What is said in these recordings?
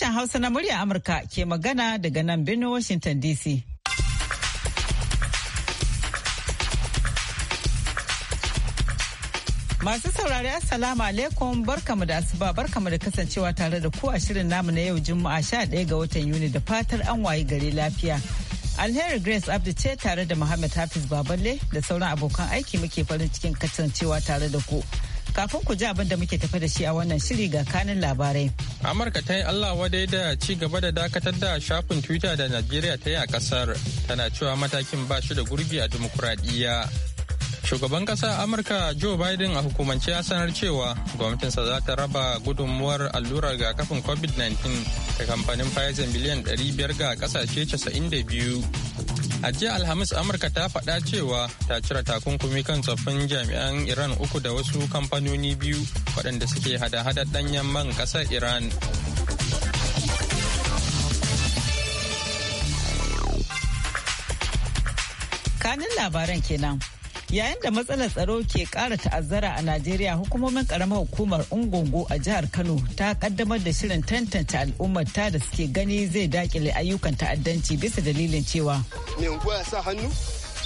Sashen Hausa na murya Amurka ke magana daga nan birnin Washington DC. Masu saurari Assalamu alaikum barkamu da asuba barkamu da kasancewa tare da ku a shirin namu na yau Juma'a sha 11 ga watan Yuni da fatar an wayi gari lafiya. Alheri Grace Abdi ce tare da Muhammad Hafiz Baballe da sauran abokan aiki muke farin cikin kasancewa tare da ku. Kafin ku ji abin da muke tafi da shi a wannan shiri ga kanin labarai. Amurka ta yi Allah wadai da ci gaba da dakatar da shafin Twitter da Najeriya ta yi a kasar. Tana cewa matakin ba shi da gurbi a dimokuraɗiyya. Shugaban ƙasa Amurka Joe Biden a hukumance ya sanar cewa gwamnatinsa za ta raba gudunmuwar allurar kafin COVID-19 da kamfanin Pfizer miliyan 500 ga ƙasashe 92. A jiya Alhamis Amurka ta faɗa cewa ta cire takunkumi kan tsoffin jami'an Iran uku da wasu kamfanoni biyu waɗanda suke hada-hada ɗanyen man ƙasar Iran. Kanin labaran kenan. Yayin da matsalar tsaro ke kara ta'azzara a Najeriya hukumomin karamar hukumar Ungungu a jihar Kano ta kaddamar da shirin tantance al'ummar ta da suke gani zai dakile ayyukan ta'addanci bisa dalilin cewa. ya sa hannu?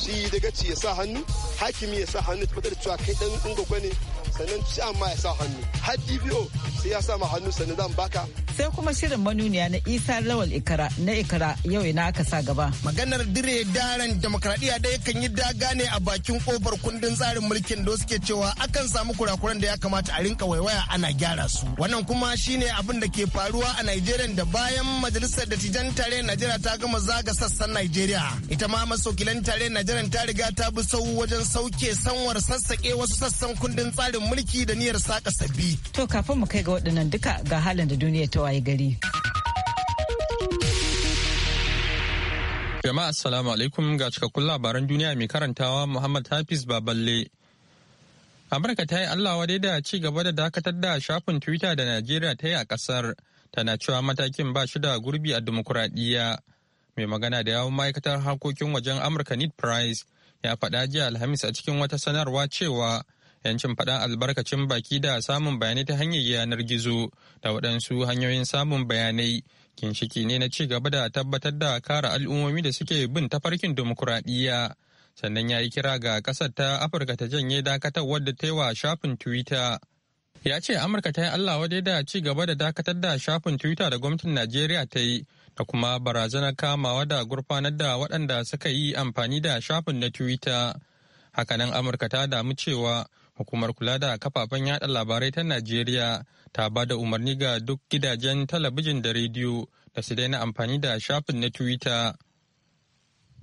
Shi dagaci ya sa hannu? Hakimi ya sa hannu tabbatar da cewa kai dan Ungungu ne sannan ma ya sa hannu har dbo sai ya sa ma hannu sannan zan baka sai kuma shirin manuniya na isa lawal ikara na ikara yau ina aka sa gaba maganar dire daren demokradiyya da yakan yi daga ne a bakin kofar kundin tsarin mulkin da suke cewa akan samu kurakuran da ya kamata a rinka waiwaya ana gyara su wannan kuma shine abin da ke faruwa a nigeria da bayan majalisar dattijan tare najeriya ta gama zaga sassan nigeria ita ma masokilan tare najeriya ta riga ta bi sau wajen sauke sanwar sassaƙe wasu sassan kundin tsarin mulki da niyyar saka sabbi. To kafin mu kai ga waɗannan duka ga halin da duniya ta waye gari. Jama'a assalamu alaikum ga cikakkun labaran duniya mai karantawa Muhammad Hafiz Baballe. Amurka ta yi Allah wadai da ci gaba da dakatar da shafin Twitter da Najeriya ta yi a ƙasar, tana cewa matakin ba shi da gurbi a dimokuraɗiyya. Mai magana da yawon ma'aikatar harkokin wajen Amurka Ned Price ya faɗa jiya Alhamis a cikin wata sanarwa cewa yancin faɗan albarkacin baki da samun bayanai ta hanyar yanar gizo da waɗansu hanyoyin samun bayanai ginshiki ne na ci gaba da tabbatar da kare al'ummomi da suke bin tafarkin dimokuraɗiyya sannan ya yi kira ga ƙasar ta afirka ta janye dakatar wadda ta yi wa shafin twitter ya ce amurka ta yi allah wadai da ci gaba da dakatar da shafin twitter da gwamnatin najeriya ta yi da kuma barazanar kamawa da gurfanar da waɗanda suka yi amfani da shafin na twitter hakanan amurka ta damu cewa Hukumar kula da kafafen yada labarai ta Najeriya ta ba da umarni ga duk gidajen talabijin da rediyo da su daina amfani da shafin na Twitter.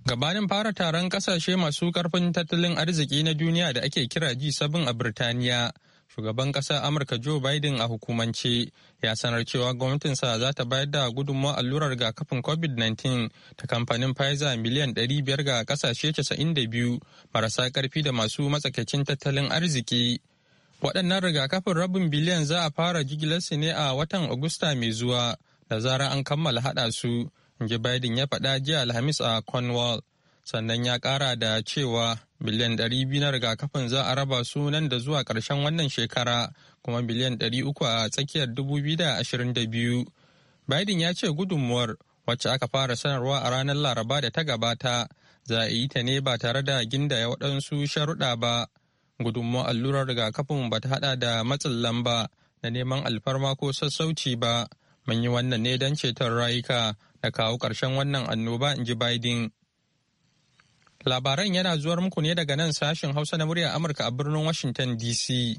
Gabanin fara taron kasashe masu karfin tattalin arziki na duniya da ake kira g7 a Birtaniya, shugaban ƙasar amurka joe biden a hukumance ya sanar cewa gwamnatinsa za ta bayar da gudunmawar allurar rigakafin covid-19 ta kamfanin pfizer miliyan 500 ga ƙasashe 92 marasa karfi da masu matsakaicin tattalin arziki waɗannan rigakafin rabin biliyan za a fara jigilarsu ne a watan agusta mai zuwa da zarar an kammala haɗa su in ji biden ya faɗa jiya alhamis a cornwall sannan ya ƙara da cewa biliyan ɗari biyu na rigakafin za a raba su nan da zuwa ƙarshen wannan shekara kuma biliyan ɗari uku a tsakiyar dubu biyu da da ashirin biyu. biden ya ce gudunmuwar wacce aka fara sanarwa a ranar laraba da ta gabata za a yi ta ne ba tare da gindaya waɗansu sharuɗa ba gudunmuwar allurar rigakafin ba ta haɗa da matsin lamba na neman alfarma ko sassauci ba mun yi wannan ne don ceton rayuka da kawo ƙarshen wannan annoba in ji biden Labaran yana zuwar muku ne daga nan sashen Hausa na muryar Amurka a birnin Washington DC.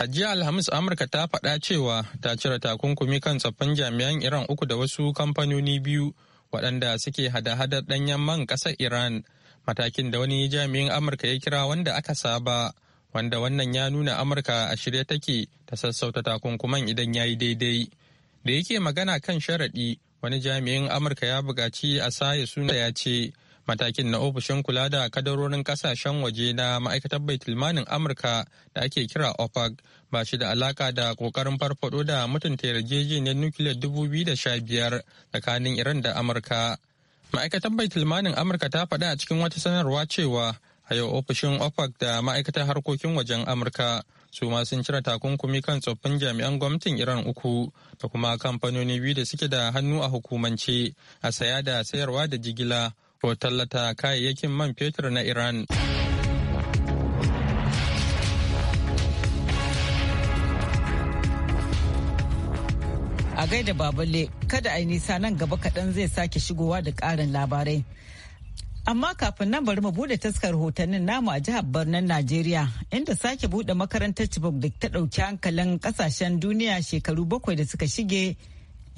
A jiya Alhamis Amurka ta faɗa cewa ta cire takunkumi kan tsaffin jami'an Iran uku da wasu kamfanoni biyu waɗanda suke hada-hadar ɗanyen man ƙasar Iran, matakin da wani jami'in Amurka ya kira wanda aka saba. wanda wannan ya nuna amurka a shirye take ta sassauta takunkuman idan ya yi daidai da yake magana kan sharaɗi wani jami'in amurka ya buƙaci a saye suna ya ce matakin na ofishin kula da kadarorin kasashen waje na ma'aikatar baitulmanin amurka da ake kira opec ba shi da alaka da kokarin farfado da mutunta yarjejeniyar nukiliyar dubu da sha biyar tsakanin iran da amurka ma'aikatar baitulmanin amurka ta faɗa a cikin wata sanarwa cewa a yau ofishin OPEC da ma'aikatar harkokin wajen Amurka su ma sun cire takunkumi kan tsoffin jami'an gwamnatin Iran uku da kuma kamfanoni biyu da suke da hannu a hukumance a saya da sayarwa da jigila ko tallata kayayyakin man fetur na Iran. a gaida babale kada a yi nisa nan gaba kaɗan zai sake shigowa da ƙarin labarai Amma kafin nan bari mu bude taskar hotannin namu a jihar Barnan Najeriya inda sake bude makarantar Chibok da ta ɗauki hankalin kasashen duniya shekaru bakwai da suka shige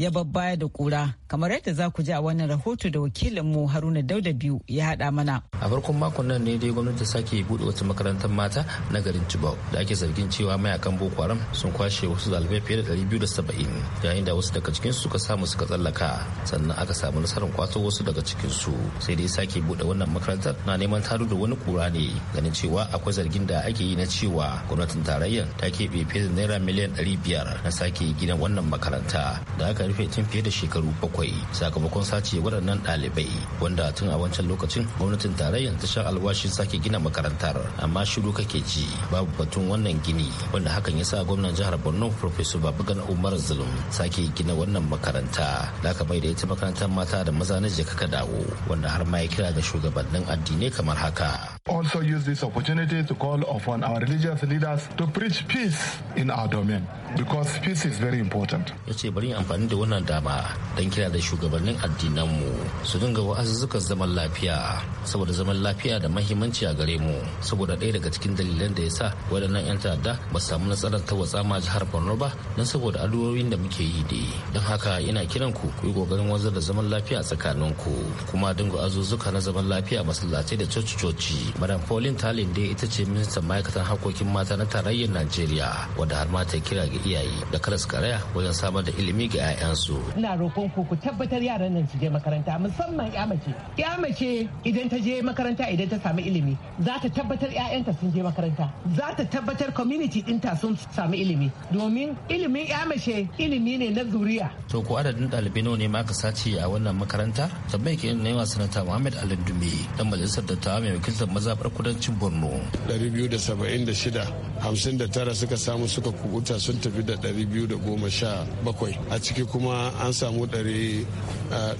ya babbaya da kura kamar yadda za ku ji a wannan rahoto da wakilinmu haruna dauda biyu ya haɗa mana a farkon makon nan ne dai gwamnati sake buɗe wata makarantar mata na garin cibau da ake zargin cewa mayakan boko haram sun kwashe wasu zalibai fiye da saba'in yayin da wasu daga cikinsu suka samu suka tsallaka sannan aka samu nasarar kwato wasu daga cikinsu sai dai sake buɗe wannan makarantar na neman taro da wani kura ne ganin cewa akwai zargin da ake yi na cewa gwamnatin tarayyar ta keɓe fiye da naira miliyan ɗari biyar na sake gina wannan makaranta da aka Karfe tun fiye da shekaru bakwai sakamakon sace waɗannan ɗalibai wanda tun a wancan lokacin gwamnatin tarayyar ta sha alwashin sake gina makarantar amma shiru kake ji babu batun wannan gini wanda hakan ya sa gwamnan jihar borno professor babagan umar zulum sake gina wannan makaranta da mai da ita makarantar mata da maza na jeka dawo wanda har ma ya kira ga shugabannin addinai kamar haka also use this opportunity to call upon our religious leaders to preach peace in our domain because peace is very important. Ya ce bari amfani da wannan dama don kira da shugabannin addinanmu su dinga wa'azuzzukan zaman lafiya saboda zaman lafiya da mahimmanci a gare mu saboda ɗaya daga cikin dalilan da ya sa waɗannan 'yan ta'adda ba su samu nasarar ta watsa ma jihar Borno ba don saboda addu'o'in da muke yi da don haka ina kiran ku ku yi kokarin wanzar da zaman lafiya tsakaninku kuma dinga azuzzuka na zaman lafiya masallatai da coci-coci madam pauline talin dai ita ce ministan ma'aikatan harkokin mata na tarayyar najeriya wadda har ma ta kira ga iyaye da kada su karaya wajen samar da ilimi ga 'ya'yansu ina roƙon ku ku tabbatar yaran nan su je makaranta musamman ya mace ya mace idan ta je makaranta idan ta samu ilimi za ta tabbatar 'ya'yanta sun je makaranta za ta tabbatar community ɗinta sun samu ilimi domin ilimin ya mace ilimi ne na zuriya to ko adadin ɗalibai nawa ne ma ka sace a wannan makaranta tabbai ke ne wa sanata muhammad alindumi dan majalisar dattawa mai wakiltar mazabar kudancin borno 276 suka samu suka kubuta sun tafi da 217 a ciki kuma an samu 112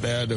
eh,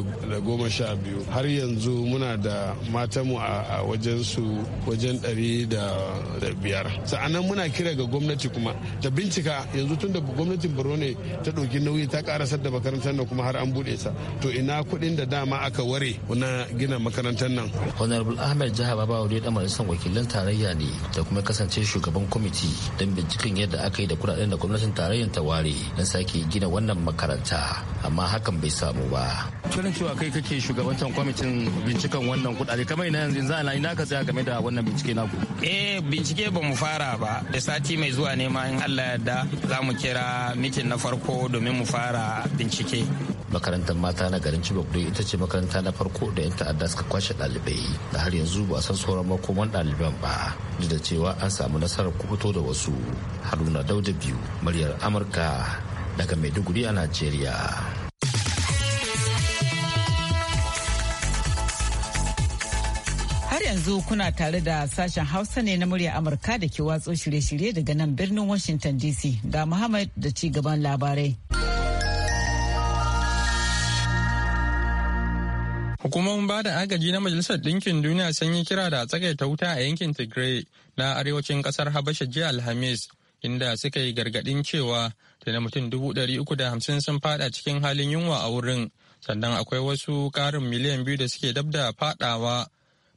har yanzu muna da matanmu a wajen su wajen 105 sa'anan muna kira ga gwamnati kuma ta bincika yanzu tun da gwamnatin borno ne ta ɗauki nauyi ta karasar da makarantar nan kuma har an buɗe sa to ina kuɗin da dama aka ware na gina makarantar nan honorable ahmed jihar bawa da san wakilan tarayya ne da kuma kasance shugaban kwamiti don binciken yadda aka yi da kudaden da gwamnatin tarayyar ta ware don sake gina wannan makaranta amma hakan bai samu ba. Tunan cewa kai kake shugabantar kwamitin binciken wannan kudade kamar ina yanzu za a na ka tsaya game da wannan bincike naku. Eh bincike ba mu fara ba da sati mai zuwa ne ma in Allah yarda za mu kira mitin na farko domin mu fara bincike. makarantar mata na garin chibok dai ita ce makaranta na farko da yan ta'adda suka kwashe ɗalibai da har yanzu ba san sauran makoman ɗaliban ba duk da cewa an samu nasarar kubuto da wasu haruna dauda biyu muryar amurka daga maiduguri a nigeria. Har yanzu kuna tare da sashen Hausa ne na murya Amurka da ke watso shirye-shirye daga nan birnin Washington DC ga Muhammad da ci gaban labarai. Hukumomin ba da agaji na Majalisar Ɗinkin Duniya sun yi kira da tsagaita wuta a yankin Tigray na arewacin ƙasar Habasha jiya Alhamis, inda suka yi gargaɗin cewa da na mutum dubu ɗari uku da hamsin sun faɗa cikin halin yunwa a wurin, sannan akwai wasu ƙarin miliyan biyu da suke dab da fadawa.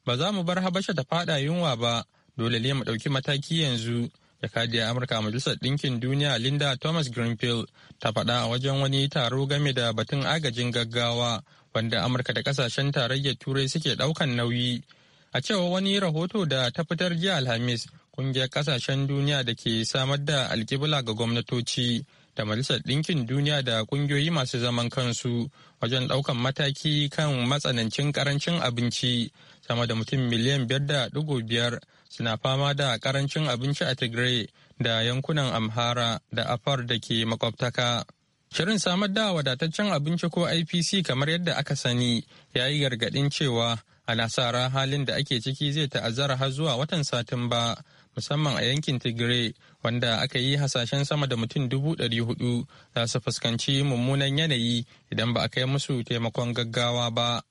Ba za mu bar Habasha ta faɗa yunwa ba, dole ne mu ɗauki mataki yanzu. jakadiyar amurka majalisar ɗinkin duniya linda thomas greenfield ta faɗa a wajen wani taro game da batun agajin gaggawa wanda amurka da kasashen tarayyar turai suke ɗaukan nauyi a cewa wani rahoto da ta fitar jiya alhamis kungiyar kasashen duniya da ke samar da alkibla ga gwamnatoci da majalisar ɗinkin duniya da ƙungiyoyi masu zaman kansu wajen ɗaukan mataki kan matsanancin karancin abinci sama da mutum miliyan biyar da ɗigo biyar suna fama da karancin abinci a Tigray da yankunan Amhara da Afar da ke makwabtaka. Shirin samar da wadataccen abinci ko IPC kamar yadda aka sani ya yi gargaɗin cewa a nasara halin da ake ciki zai ta'azzara har zuwa watan Satumba musamman a yankin Tigray wanda aka yi hasashen sama da mutum dubu ɗari hudu za su fuskanci mummunan yanayi idan ba a kai musu taimakon gaggawa ba.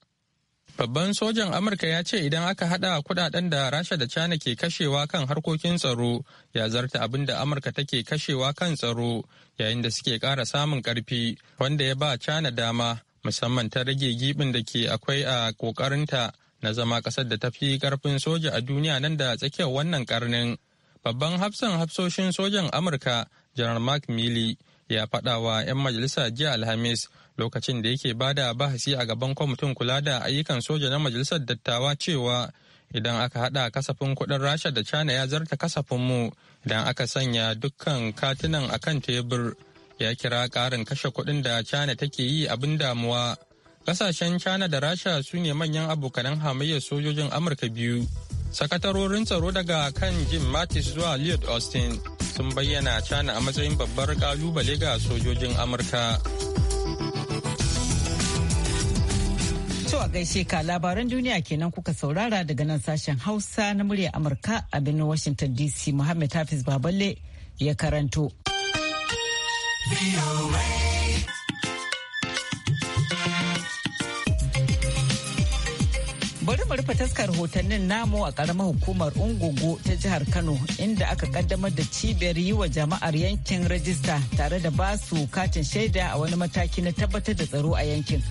Babban sojan Amurka ya ce idan aka hada kudaden da Rasha da China ke kashewa kan harkokin tsaro ya zarta abin da Amurka take kashewa kan tsaro yayin da suke kara samun karfi wanda ya ba China dama musamman ta rage gibin da ke akwai a kokarinta na zama ƙasar da tafi karfin soja a duniya nan da tsakiyar wannan karnin Babban hafsan hafsoshin sojan Amurka general Mark Milley ya faɗa wa 'yan majalisa jiya alhamis lokacin da yake bada bahasi a gaban kwamitin kula da ayyukan soja na majalisar dattawa cewa idan aka haɗa kasafin kuɗin rasha da china ya zarta kasafinmu idan aka sanya dukkan katunan akan tebur ya kira karin kashe kuɗin da china take yi abin damuwa kasashen china da rasha su ne manyan abokanan hamayyar sojojin amurka biyu sakatarorin tsaro daga kan jim mattis zuwa lloyd austin sun bayyana China a matsayin babbar kalubale ga sojojin Amurka. To a gaishe ka labaran duniya kenan kuka saurara daga nan sashen Hausa na murya Amurka a birnin Washington DC Muhammad Hafiz Baballe ya karanto. Bari mu rufe taskar hotannin namu a karamar hukumar Ungungu ta jihar Kano inda aka kaddamar da cibiyar yi wa jama'ar yankin rajista tare da ba su katin shaida a wani mataki na tabbatar da tsaro a yankin.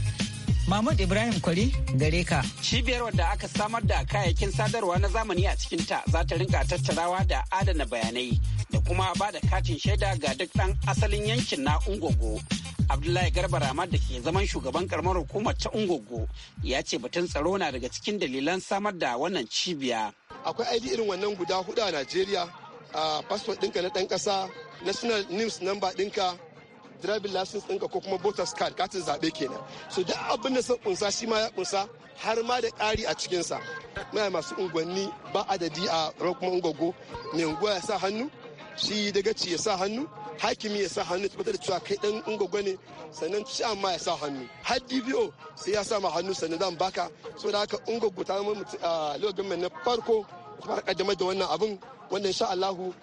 Mahmud Ibrahim Kwari gare ka. Cibiyar wadda aka samar da kayayyakin sadarwa na zamani a cikinta za ta rinka tattarawa da adana bayanai da kuma ba da katin shaida ga duk ɗan asalin yankin na Ungungu. abdullahi garba ramad da ke zaman shugaban karamar hukumar ta ungogo ya ce batun tsaro na daga cikin dalilan samar da wannan cibiya akwai id irin wannan guda hudu a najeriya a passport ɗinka na ɗan ƙasa national nims number ɗinka driving license ɗinka ko kuma voters card katin zaɓe kenan so duk abin da sun kunsa shi ma ya kunsa har ma da ƙari a cikinsa muna masu unguwanni ba adadi a rokuma ungogo mai unguwa ya sa hannu shi dagaci ya sa hannu hakimi ya sa hannu tabbatar da cewa kai dan ungogo ne sannan ciyan ma ya sa hannu har dbo sai ya sa ma hannu sannan zan baka saboda haka ungogo ta zama lokacin mai na farko kuma kaddamar da wannan abin wannan sha Allahu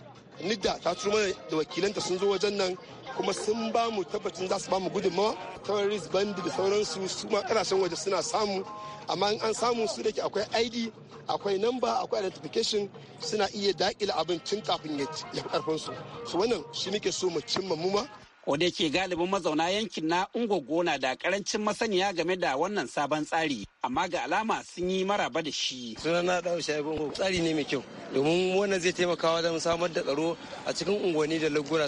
nidda ta turo mana da wakilanta sun zo wajen nan kuma sun ba mu tabbacin za su ba mu gudunmawa terrorist bandi da sauransu su ma karashen waje suna samu amma in an samu su da ke akwai id akwai namba akwai identification suna iya daƙila abin tun kafin ya fi karfinsu su wannan shi muke so mu cimma mu ma da yake galibin mazauna yankin na ungogo na da karancin masaniya game da wannan sabon tsari amma ga alama sun yi maraba da shi sunan na dawo shi tsari ne mai kyau domin wannan zai taimaka wajen samar da tsaro a cikin unguwanni da lagura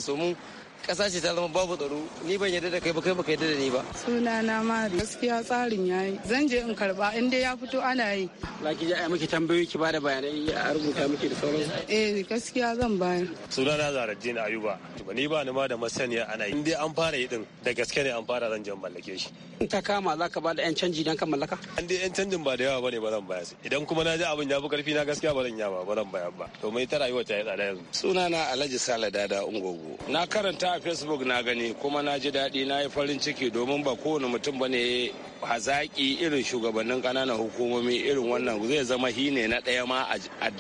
kasa ce ta zama babu tsaro ni ban yarda da kai ba kai baka yarda da ni ba suna na mari gaskiya tsarin yayi zan je in karba in dai ya fito ana yi za ki je a miki tambayoyi ki bada bayanai a rubuta miki da sauran eh gaskiya zan bayar suna na zaraddin ayuba ni ba ni ma da masaniya ana yi in dai an fara yi din da gaske ne an fara zan je mallake shi in ta kama za ka bada yan canji dan ka mallaka an dai yan canjin ba da yawa bane ba zan baya idan kuma na ji abin ya fi karfi na gaskiya ba zan yaba ba zan baya ba to mai ta rayuwa ta yi tsada yanzu suna na Alhaji Sala Dada Ungogo na karanta a facebook na gani kuma na ji daɗi na yi farin ciki domin ba kowane mutum ba ne hazaƙi irin shugabannin ƙananan hukumomi irin wannan zai zama ne na ɗaya ma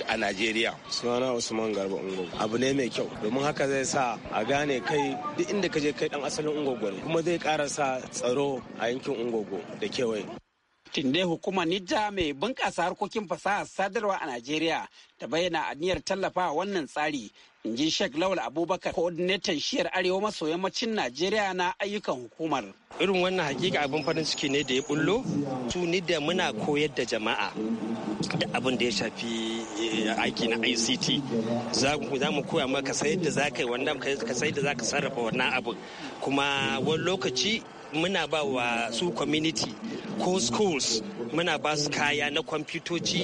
a najeriya sunana usman garba ungogo abu ne mai kyau domin haka zai sa a gane kai duk inda ka je kai dan asalin ungogo ne kuma zai ƙara sa tsaro a yankin ungogo da kewaye tunde hukumar nija mai bunƙasa harkokin fasaha sadarwa a najeriya ta bayyana a niyyar tallafa wannan tsari in ji Sheikh Lawal Abubakar coordinator shiyar Arewa maso yammacin Najeriya na ayyukan hukumar. Irin wannan hakika abin farin ciki ne da ya bullo su ni da muna koyar da jama'a da abin da ya shafi eh, aiki na ICT za mu koya maka sayar da za ka yi wannan ka sayar da za ka sarrafa wannan abin kuma wani lokaci muna ba wa su community ko schools muna ba su kaya na kwamfutoci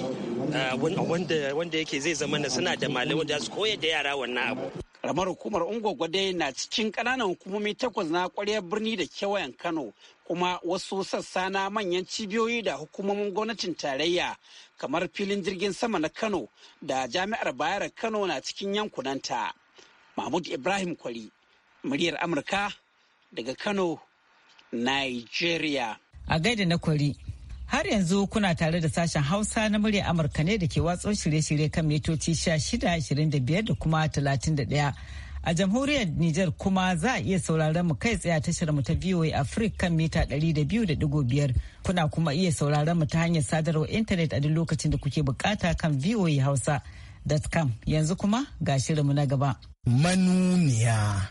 eh, wanda yake zai zama na suna da malamai da su koyar da yara wannan abu ramar hukumar ungwagwade na cikin ƙananan hukumomi takwas na kwaryar birni da kewayen kano kuma wasu sassa na manyan cibiyoyi da hukumomin gwamnatin tarayya kamar filin jirgin sama na kano da jami'ar bayar kano na cikin yankunanta mahmud ibrahim kwari muryar amurka daga kano nigeria a gaida na kwari Har yanzu kuna tare da sashen Hausa na murya Amurka ne da ke watso shirye-shirye kan mitoci 1625 da kuma 31. A jamhuriyar Nijar kuma za a iya sauraron mu kai tsaye tashar mu ta VOA Africa kan mita 200.5 kuna kuma iya sauraron mu ta hanyar sadarwar intanet a duk lokacin da kuke bukata kan VOA Hausa.com yanzu kuma ga shirinmu na gaba. Manuniya.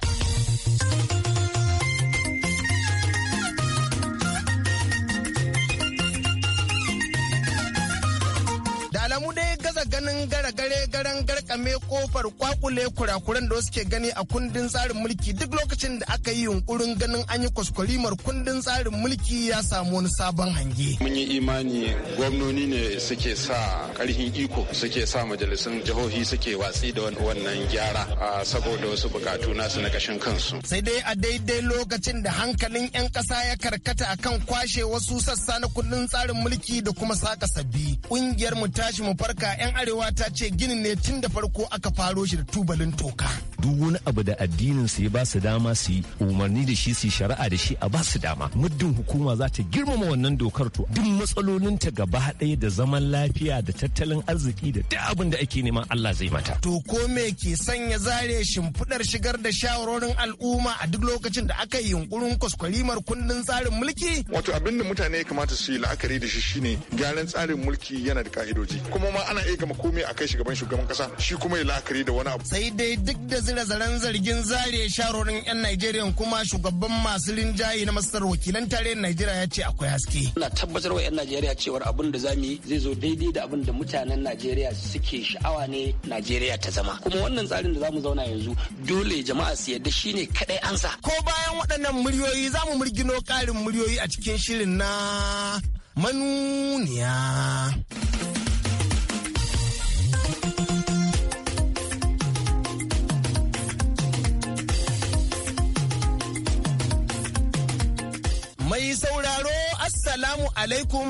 ganin gara gare garan garkame kofar kwakule kurakuran da suke gani a kundin tsarin mulki duk lokacin da aka yi yunkurin ganin an yi kwaskwarimar kundin tsarin mulki ya samu wani sabon hange. Mun yi imani gwamnoni ne suke sa karhin iko suke sa majalisun jihohi suke watsi da wannan gyara saboda wasu bukatu nasu na kashin kansu. Sai dai a daidai lokacin da hankalin 'yan ƙasa ya karkata akan kwashe wasu sassa na kundin tsarin mulki da kuma saka sabbi. Ƙungiyar mu tashi mu farka 'yan arewa ta ce ginin ne tun da farko aka faro shi da tubalin toka duk wani abu da addinin su ya ba su dama su yi umarni da shi su yi shari'a da shi a ba su dama muddin hukuma za ta girmama wannan dokar to duk matsalolin ta gaba ɗaya da zaman lafiya da tattalin arziki da duk abin da ake neman Allah zai mata to ko me ke sanya zare shimfiɗar shigar da shawarorin al'umma a duk lokacin da aka yi yunkurin kwaskwarimar kundin tsarin mulki wato abin da mutane ya kamata su yi la'akari da shi shine gyaran tsarin mulki yana da ka'idoji kuma ma ana iya gama komai a kai shugaban shugaban kasa shi kuma ya la'akari da wani abu sai dai duk da zire zaren zargin zare sharorin 'yan Najeriya kuma shugaban masu linjayi na masar wakilan tarayyar Najeriya ya ce akwai haske. Ina tabbatar wa 'yan Najeriya cewar abin da zamu yi zai zo daidai da abin da mutanen Najeriya suke sha'awa ne Najeriya ta zama. Kuma wannan tsarin da za mu zauna yanzu dole jama'a su yarda ne kadai ansa. Ko bayan waɗannan muryoyi mu murgino ƙarin muryoyi a cikin shirin na manuniya. ያለ alaikum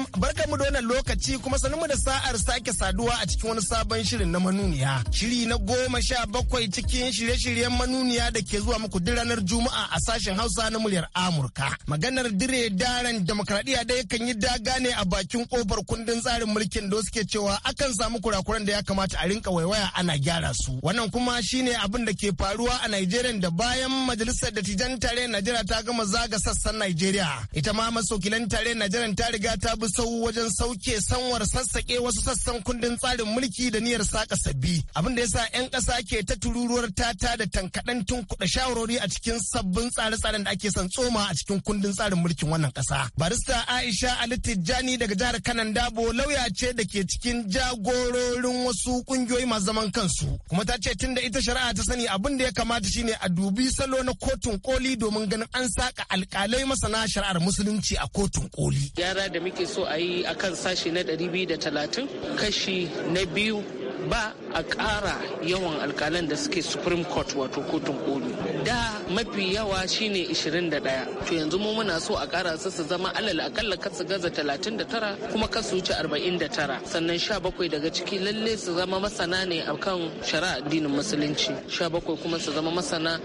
mu da wannan lokaci kuma mu da sa'ar sake saduwa a cikin wani sabon shirin na manuniya. Shiri na goma sha bakwai cikin shirye-shiryen manuniya da ke zuwa muku duk ranar Juma'a a sashen Hausa na muryar Amurka. Maganar dire daren demokradiyya dai kan yi daga ne a bakin kofar kundin tsarin mulkin da suke cewa akan samu kurakuran da ya kamata a rinka waiwaya ana gyara su. Wannan kuma shine abin da ke faruwa a nigeria da bayan majalisar da dattijan tare Najeriya ta gama zaga sassan Najeriya. Ita ma masokilan tare Najeriya riga ta bi sau wajen sauke sanwar sassaƙe wasu sassan kundin tsarin mulki da niyyar saka sabbi abin da yasa 'yan ƙasa ke ta tururuwar tata da tankaɗan tun kuɗa shawarori a cikin sabbin tsare-tsaren da ake son tsoma a cikin kundin tsarin mulkin wannan ƙasa barista aisha ali tijjani daga jihar kanan dabo lauya ce da ke cikin jagororin wasu ƙungiyoyi masu zaman kansu kuma ta ce tunda ita shari'a ta sani abin da ya kamata shine a dubi salo na kotun koli domin ganin an saka alƙalai masana shari'ar musulunci a kotun koli. gyara da muke so a yi a kan sashi na 230 kashi na biyu ba a ƙara yawan alkalan da suke supreme court wato kotun koli da mafi yawa shine 21 to yanzu mu muna so a ƙara su su zama alal akalla kasu su gaza 39 kuma kasu su wuce 49 sannan 17 daga ciki lalle su zama masana ne akan shari'a addinin musulunci 17 kuma su zama masana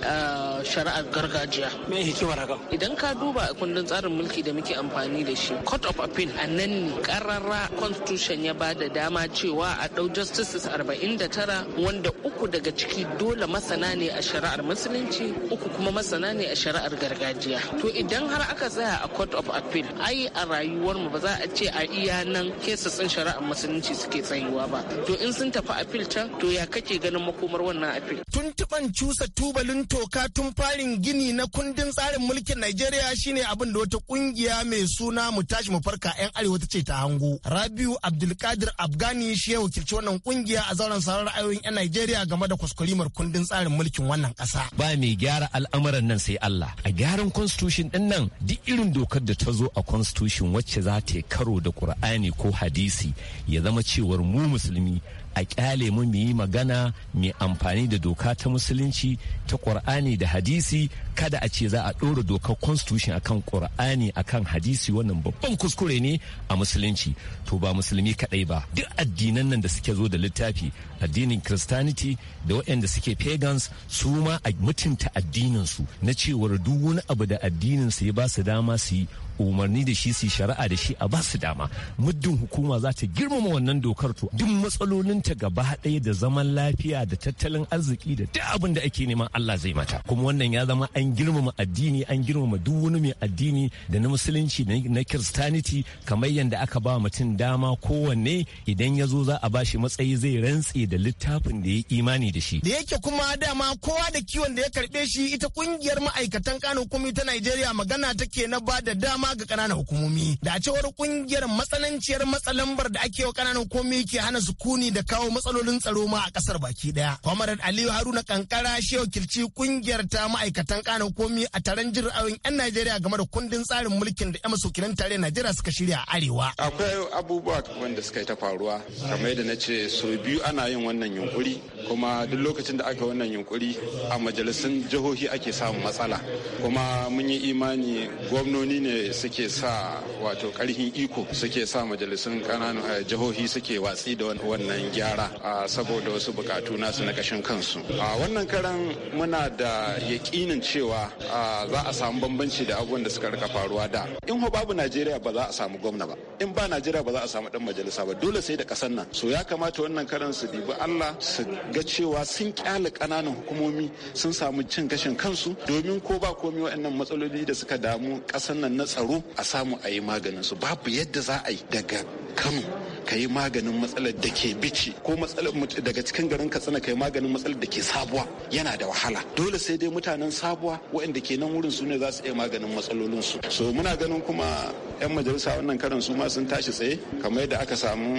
shari'ar gargajiya me hikimar haka idan ka duba kundin tsarin mulki da muke amfani da shi court court of appeal a nan ne karara constitution ya ba da dama cewa a ɗau justices 49 wanda uku daga ciki dole masana ne a shari'ar musulunci uku kuma masana ne a shari'ar gargajiya to idan har aka tsaya a court of appeal ai a rayuwar mu ba za a ce a iya nan cases din shari'ar musulunci suke tsayuwa ba to in sun tafi appeal can to ya kake ganin makomar wannan appeal tuntuban cusa tubalin toka tun farin gini na kundin tsarin mulkin Najeriya shine abin da wata kungiya mai suna mu tashi mu farka 'yan arewa ta ce ta hango. Rabiu Abdulkadir Afghani shi ya wakilci wannan kungiya a zauren sauran ra'ayoyin 'yan Najeriya game da kwaskwarimar kundin tsarin mulkin wannan ƙasa. Ba mai gyara al'amuran nan sai Allah. A gyaran constitution din nan duk irin dokar da ta zo a constitution wacce za ta karo da Qur'ani ko hadisi ya zama cewar mu musulmi a kyale mu mu yi magana mai amfani da doka ta musulunci ta qur'ani da hadisi kada a ce za a ɗora dokar constitution akan qur'ani akan hadisi wannan babban kuskure ne a musulunci to ba musulmi kadai ba duk addinan nan da suke zo da littafi addinin christianity da waɗanda suke pagans su ma a mutunta addinin su na cewar duk wani abu da addinin su ya ba su dama su yi umarni da shi su shari'a da shi a ba su dama muddin hukuma za ta girmama wannan dokar to duk matsalolin ta gaba ɗaya da zaman lafiya da tattalin arziki da duk abin da ake neman Allah zai mata kuma wannan ya zama an girmama addini an girmama duk wani mai addini da na musulunci na kiristaniti kamar yadda aka ba mutum dama kowanne idan ya zo za a ba shi matsayi zai rantse da littafin da ya imani da shi da yake kuma dama kowa da kiwon da ya karbe shi ita kungiyar ma'aikatan kano kuma ta Najeriya magana take na ba da dama dama ga ƙananan hukumomi da a cewar kungiyar matsananciyar matsalambar da ake wa kananan hukumomi ke hana sukuni da kawo matsalolin tsaro ma a kasar baki daya Kwamarar Aliyu Haruna Kankara shi wakilci kungiyar ta ma'aikatan ƙananan hukumomi a taron jin 'yan Najeriya game da kundin tsarin mulkin da 'yan masokinan tare Najeriya suka shirya a Arewa. Akwai abubuwa da suka ta faruwa kamar yadda na ce sau biyu ana yin wannan yunkuri kuma duk lokacin da aka wannan yunkuri a majalisun jihohi ake samun matsala kuma mun yi imani gwamnoni ne suke sa wato karhin iko suke sa majalisun kananan eh, jihohi suke watsi da wannan gyara saboda wasu bukatu nasu na kashin kansu a wannan karan muna da yakinin cewa za a samu bambanci da abubuwan da suka rika faruwa da in ho babu najeriya ba za a samu gwamna ba in ba najeriya ba za a samu dan majalisa ba dole sai da kasan nan so ya kamata wannan karan su dibi allah su ga cewa sun kyale kananan hukumomi sun samu cin gashin kansu domin ko ba komai waɗannan matsaloli da suka damu kasan nan na tsaro a samu a yi maganin su babu yadda za a yi daga kano ka yi maganin matsalar da ke bici ko matsalar daga cikin garin katsina ka yi maganin matsalar da ke sabuwa yana da wahala dole sai dai mutanen sabuwa waɗanda ke nan wurin su ne za su iya maganin matsalolinsu so muna ganin kuma 'yan majalisa wannan karin su ma sun tashi tsaye kamar yadda aka samu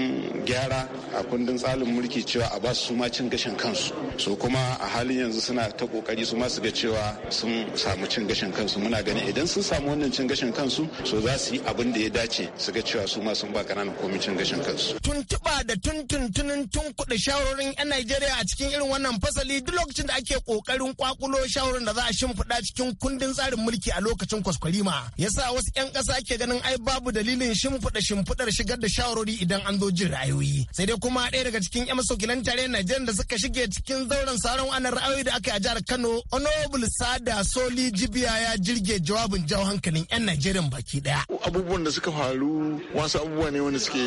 gyara a kundin tsarin mulki cewa a ba su ma cin gashin kansu su kuma a halin yanzu suna ta kokari su ma su ga cewa sun samu cin gashin kansu muna gani idan sun samu wannan cin gashin kansu so za su yi abin da ya dace su ga cewa su ma sun ba kananan komai cin gashin kansu tuntuba da tuntuntunin tun kuɗa shawarorin 'yan Najeriya a cikin irin wannan fasali duk lokacin da ake kokarin kwakulo shawarorin da za a shimfiɗa cikin kundin tsarin mulki a lokacin kwaskwarima yasa wasu 'yan ƙasa ke ganin ai ai babu dalilin shimfiɗa shimfiɗar shigar da shawarori idan an zo jin ra'ayoyi sai dai kuma ɗaya daga cikin yan masokilan tare Najeriya da suka shige cikin zauren sauran wannan ra'ayoyi da aka yi a jihar Kano honorable Sada Soli Jibiya ya jirge jawabin jawo hankalin yan Najeriya baki daya abubuwan da suka faru wasu abubuwa ne wanda suke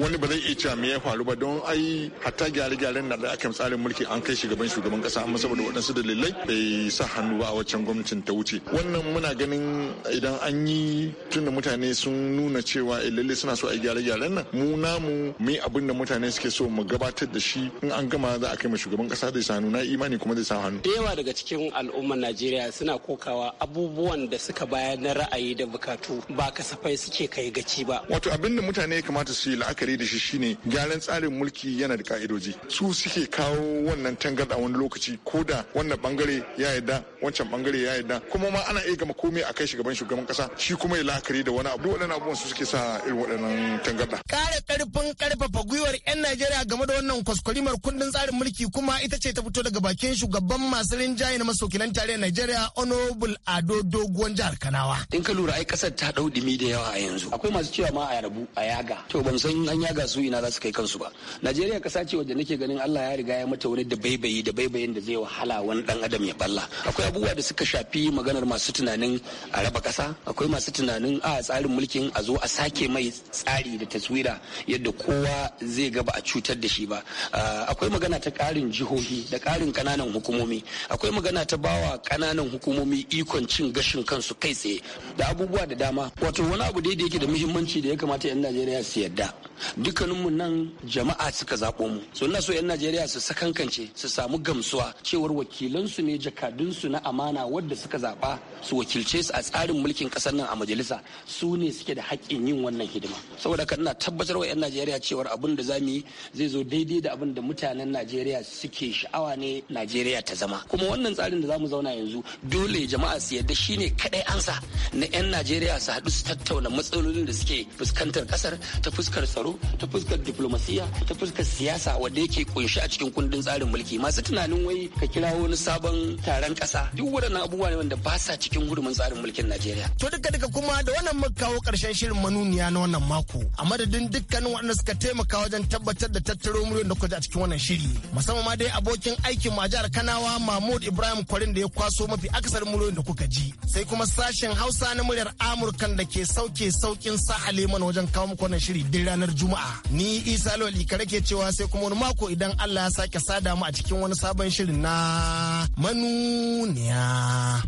wani ba zai iya cewa me ya faru ba don ai hatta gyare-gyaren da aka tsarin mulki an kai shugaban shugaban kasa amma saboda waɗansu dalilai bai sa hannu ba a waccan gwamnatin ta wuce wannan muna ganin idan an yi tunda mutane sun nuna cewa eh, lalle suna so a gyare-gyaren nan mu namu mu abin da mutane suke so mu gabatar da shi in an gama za a kai ma shugaban kasa zai sa hannu na imani kuma zai sa hannu da yawa daga cikin al'ummar najeriya suna kokawa abubuwan da suka bayar na ra'ayi da bukatu ba kasafai suke kai gaci ba wato abin da mutane ya kamata su yi la'akari da shi shine gyaran tsarin mulki yana da ka'idoji su suke kawo wannan tangarda wani lokaci ko da wannan bangare ya yarda wancan bangare ya yarda kuma ma ana iya gama komai a kai shugaban shugaban kasa shi kuma ya la'akari da wani duk waɗannan abubuwan su suke sa irin waɗannan tangarɗa. Kare karfin karfafa gwiwar 'yan Najeriya game da wannan kwaskwarimar kundin tsarin mulki kuma ita ce ta fito daga bakin shugaban masu rinjaye na masokilan tarayyar Najeriya Honorable Ado Doguwan jihar Kanawa. In ka lura ai kasar ta ɗau dimi da yawa a yanzu. Akwai masu cewa ma a yarabu a yaga. To ban san an yaga su ina za su kai kansu ba. Najeriya kasa ce wadda nake ganin Allah ya riga ya mata wani da baibayi da baibayin da zai wahala wani dan adam ya balla. Akwai abubuwa da suka shafi maganar masu tunanin a raba kasa, akwai masu tunanin a tsarin tsarin mulkin a zo a sake mai tsari da taswira yadda kowa zai gaba a cutar da shi ba ah, akwai magana ta karin jihohi da karin kananan hukumomi akwai magana ta bawa kananan hukumomi ikon cin gashin kansu kai tsaye da abubuwa da dama wato wani abu da yake da muhimmanci da ya kamata 'yan najeriya su yadda dukkaninmu nan jama'a suka zaɓo mu so ina so 'yan najeriya su sakankance su samu gamsuwa cewar wakilansu ne jakadunsu na amana wadda suka zaɓa su wakilce su a tsarin mulkin ƙasar nan a majalisa su ne suke da haƙƙin yin wannan hidima saboda ka ina tabbatar wa 'yan najeriya cewar abin da zamu yi zai zo daidai da abin da mutanen najeriya suke sha'awa ne najeriya ta zama kuma wannan tsarin da zamu zauna yanzu dole jama'a su yarda shine kadai ansa na 'yan najeriya su haɗu su tattauna matsalolin da suke fuskantar kasar ta fuskar tsaro ta fuskar diplomasiya ta fuskar siyasa wanda yake kunshi a cikin kundin tsarin mulki masu tunanin wai ka kira wani sabon taron kasa duk waɗannan abubuwa ne wanda ba sa cikin hurumin tsarin mulkin najeriya to duka duka kuma da wannan muka kawo ƙarshen shirin manuniya na wannan mako a madadin dukkanin waɗanda suka taimaka wajen tabbatar da tattaro miliyon da kuɗi a cikin wannan shiri musamman ma dai abokin aikin ma jihar kanawa mahmud ibrahim kwarin da ya kwaso mafi akasar miliyon da kuka ji sai kuma sashen hausa na muryar amurka da ke sauke saukin sa a leman wajen kawo muku wannan shiri dai ranar juma'a ni isa lawali ikare ke cewa sai kuma wani mako idan allah ya sake sada mu a cikin wani sabon shirin na manuniya.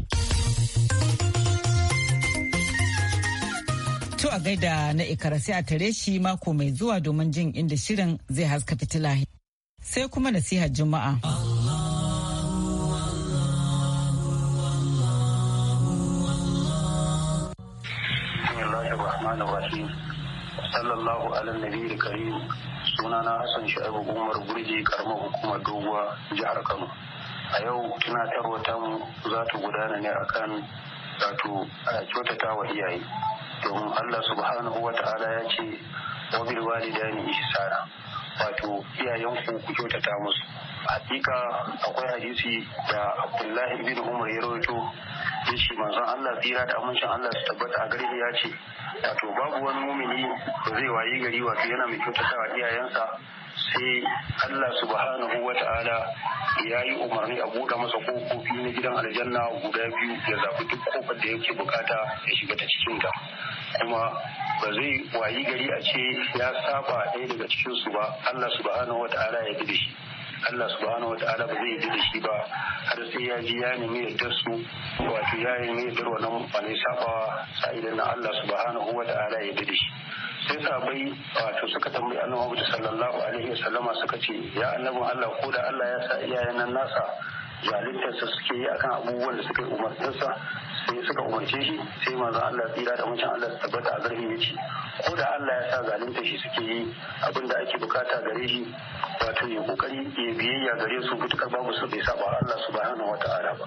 To a gaida na ikara sai a tare shi mako mai zuwa domin jin inda shirin zai haska fitila. Sai kuma nasihar Juma'a. sallallahu ala nabi da karim sunana hassan sha'ibu umar gurji karamar hukumar doguwa jihar kano a yau tana ta mu za ta gudana ne akan wato a kyautata wa iyaye domin Allah subhanahu wa ta'ala ya ce wa bil walidaini ihsana wato iyayen ku kyautata musu hakika akwai hadisi da abdullahi ibn umar ya rawaito ya manzon allah tsira da amincin allah su tabbata a gare ya ce wato babu wani mumini da zai wayi gari wato yana mai kyautata wa iyayensa sai allah subhanahu wa ta'ala ya yi umarni a buɗe masa kofofi na gidan aljanna guda biyu ya zaɓi duk kofar da yake bukata ya shiga ta cikin ta kuma ba zai wayi gari a ce ya saba ɗaya daga cikin su ba Allah subhanahu wa ta'ala ya bi da shi Allah subhanahu wa ta'ala ba zai yi da shi ba har sai ya ji ya nemi yardar su wato ya nemi yardar wannan mutane sabawa sa'idan Allah subhanahu wa ta'ala ya bi da shi sai sabai wato suka tambayi annabi Muhammad sallallahu alaihi wasallama suka ce ya annabi Allah ko da Allah ya sa iyayen nan nasa zaluntarsa suke yi akan abubuwan da suka yi umarninsa sai suka umarce shi sai manzo Allah tsira da wancan Allah tabbata a ya ce ko da Allah ya sa zalunta shi suke yi abin da ake bukata gare shi wato ya kokari ya biyayya gare su mutukar babu su bai saba Allah subhanahu wataala ba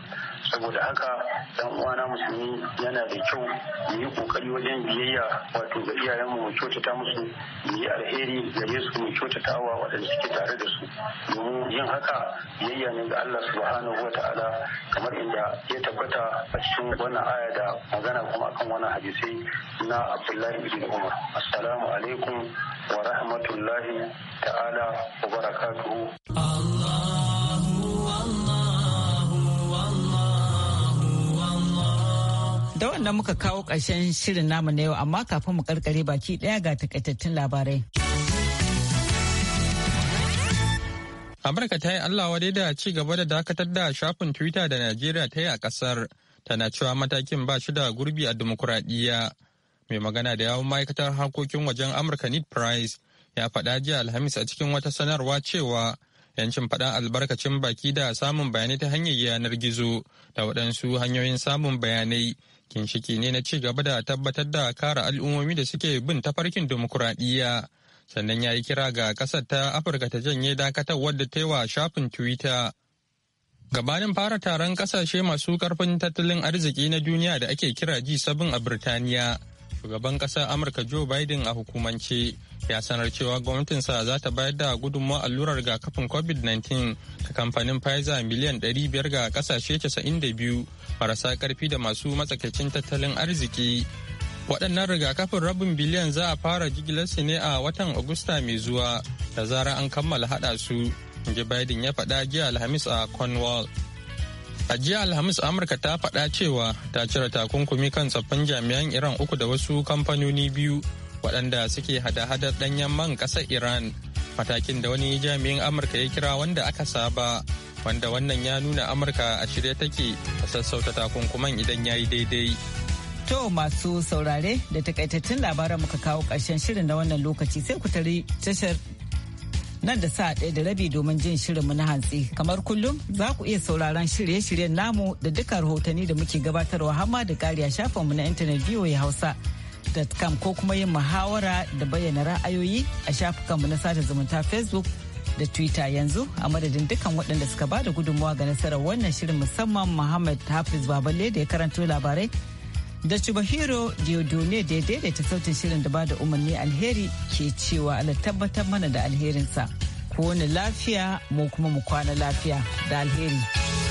saboda haka dan uwana musulmi yana da kyau mu yi kokari wajen biyayya wato ga iyayen mu kyautata musu mu yi alheri gare su mu wa waɗanda suke tare da su domin yin haka biyayya ne ga Allah subhanahu subhanahu wa ta'ala kamar inda ya tabbata a cikin wannan aya da magana kuma akan wannan hadisai na Abdullahi ibn Umar assalamu alaikum wa rahmatullahi ta'ala wa barakatuhu Da wannan muka kawo ƙarshen shirin namu na yau amma kafin mu karkare baki ɗaya ga takaitattun labarai. Amurka ta yi Allah wadai da ci gaba da dakatar da shafin Twitter da Najeriya ta yi a ƙasar, tana cewa matakin ba shi da gurbi a dimokuraɗiyya. Mai magana da yawon ma'aikatar harkokin wajen Amurka need Price ya faɗa jiya Alhamis a cikin wata sanarwa cewa yancin faɗa albarkacin baki da samun bayanai ta hanyar yanar gizo da waɗansu hanyoyin samun bayanai ginshiki ne na ci gaba da tabbatar da kare al'ummomi da suke bin tafarkin dimokuraɗiyya. sannan ya yi kira ga ƙasar ta afirka ta janye dakatar wadda ta wa shafin twitter gabanin fara taron kasashe masu karfin tattalin arziki na duniya da ake kira ji sabin a birtaniya shugaban ƙasar amurka joe biden a hukumance ya sanar cewa gwamnatinsa za ta bayar da gudunmawa allurar kafin covid-19 ta kamfanin pfizer miliyan 500 ga ƙasashe 92 marasa karfi da masu matsakaicin tattalin arziki waɗannan rigakafin rabin biliyan za a fara jigilar su ne a watan agusta mai zuwa da zarar an kammala haɗa su inji biden ya faɗa jiya alhamis a cornwall a jiya alhamis amurka ta faɗa cewa ta cire takunkumi kan tsaffin jami'an iran uku da wasu kamfanoni biyu waɗanda suke hada-hadar ɗanyen man ƙasar iran matakin da wani jami'in amurka ya kira wanda aka saba wanda wannan ya nuna amurka a shirye take a sassauta takunkuman idan ya yi daidai To masu saurare da takaitattun labaran muka kawo ƙarshen shirin na wannan lokaci sai ku tari tashar nan da sa ɗaya da rabi domin jin shirinmu na hantsi. Kamar kullum za ku iya sauraron shirye-shiryen namu da duka rahotanni da muke gabatarwa hamma da ƙari a shafinmu na intanet ya Hausa. com ko kuma yin muhawara da bayyana ra'ayoyi a shafukanmu na sada zumunta Facebook da Twitter yanzu a madadin dukkan waɗanda suka ba da gudunmawa ga nasarar wannan shirin musamman Muhammad Hafiz Baballe da ya karanto labarai da Chubahiro Diodone da ya daidaita sautin shirin da ba da umarni alheri ke cewa ala tabbatar mana da alherinsa. Ko wani lafiya mu kuma mu kwana lafiya da alheri.